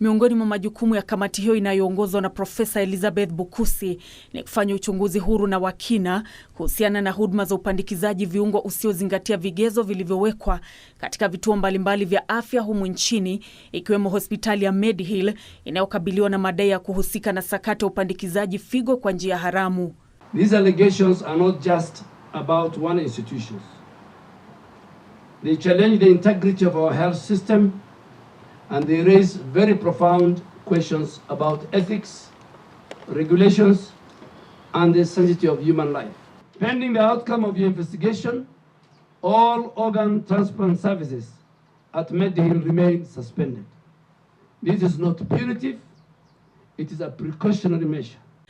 Miongoni mwa majukumu ya kamati hiyo inayoongozwa na Profesa Elizabeth Bukusi ni kufanya uchunguzi huru na wakina kuhusiana na huduma za upandikizaji viungo usiozingatia vigezo vilivyowekwa katika vituo mbalimbali vya afya humu nchini, ikiwemo hospitali ya Mediheal inayokabiliwa na madai ya kuhusika na sakata ya upandikizaji figo kwa njia haramu. These allegations are not just about one institution. They challenge the integrity of our health system and they raise very profound questions about ethics, regulations, and the sanctity of human life. Pending the outcome of your investigation, all organ transplant services at Medihill remain suspended. This is not punitive, it is a precautionary measure.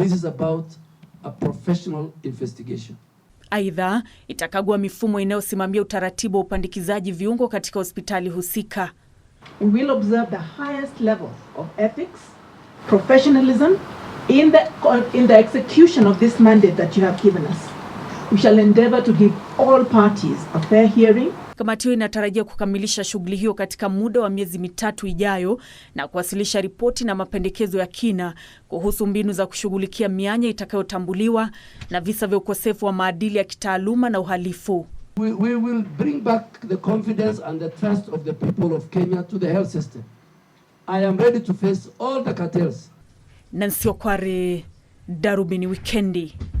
This is about a professional investigation. Aidha, itakagua mifumo inayosimamia utaratibu wa upandikizaji viungo katika hospitali husika. We will observe the highest level of ethics, professionalism in the, in the execution of this mandate that you have given us. We shall endeavor to give all parties a fair hearing. Kamati hiyo inatarajia kukamilisha shughuli hiyo katika muda wa miezi mitatu ijayo na kuwasilisha ripoti na mapendekezo ya kina kuhusu mbinu za kushughulikia mianya itakayotambuliwa na visa vya ukosefu wa maadili ya kitaaluma na uhalifu. We, we will bring back the confidence and the trust of the people of Kenya to the health system. I am ready to face all the cartels. Nancy Okware, Darubini Wikendi.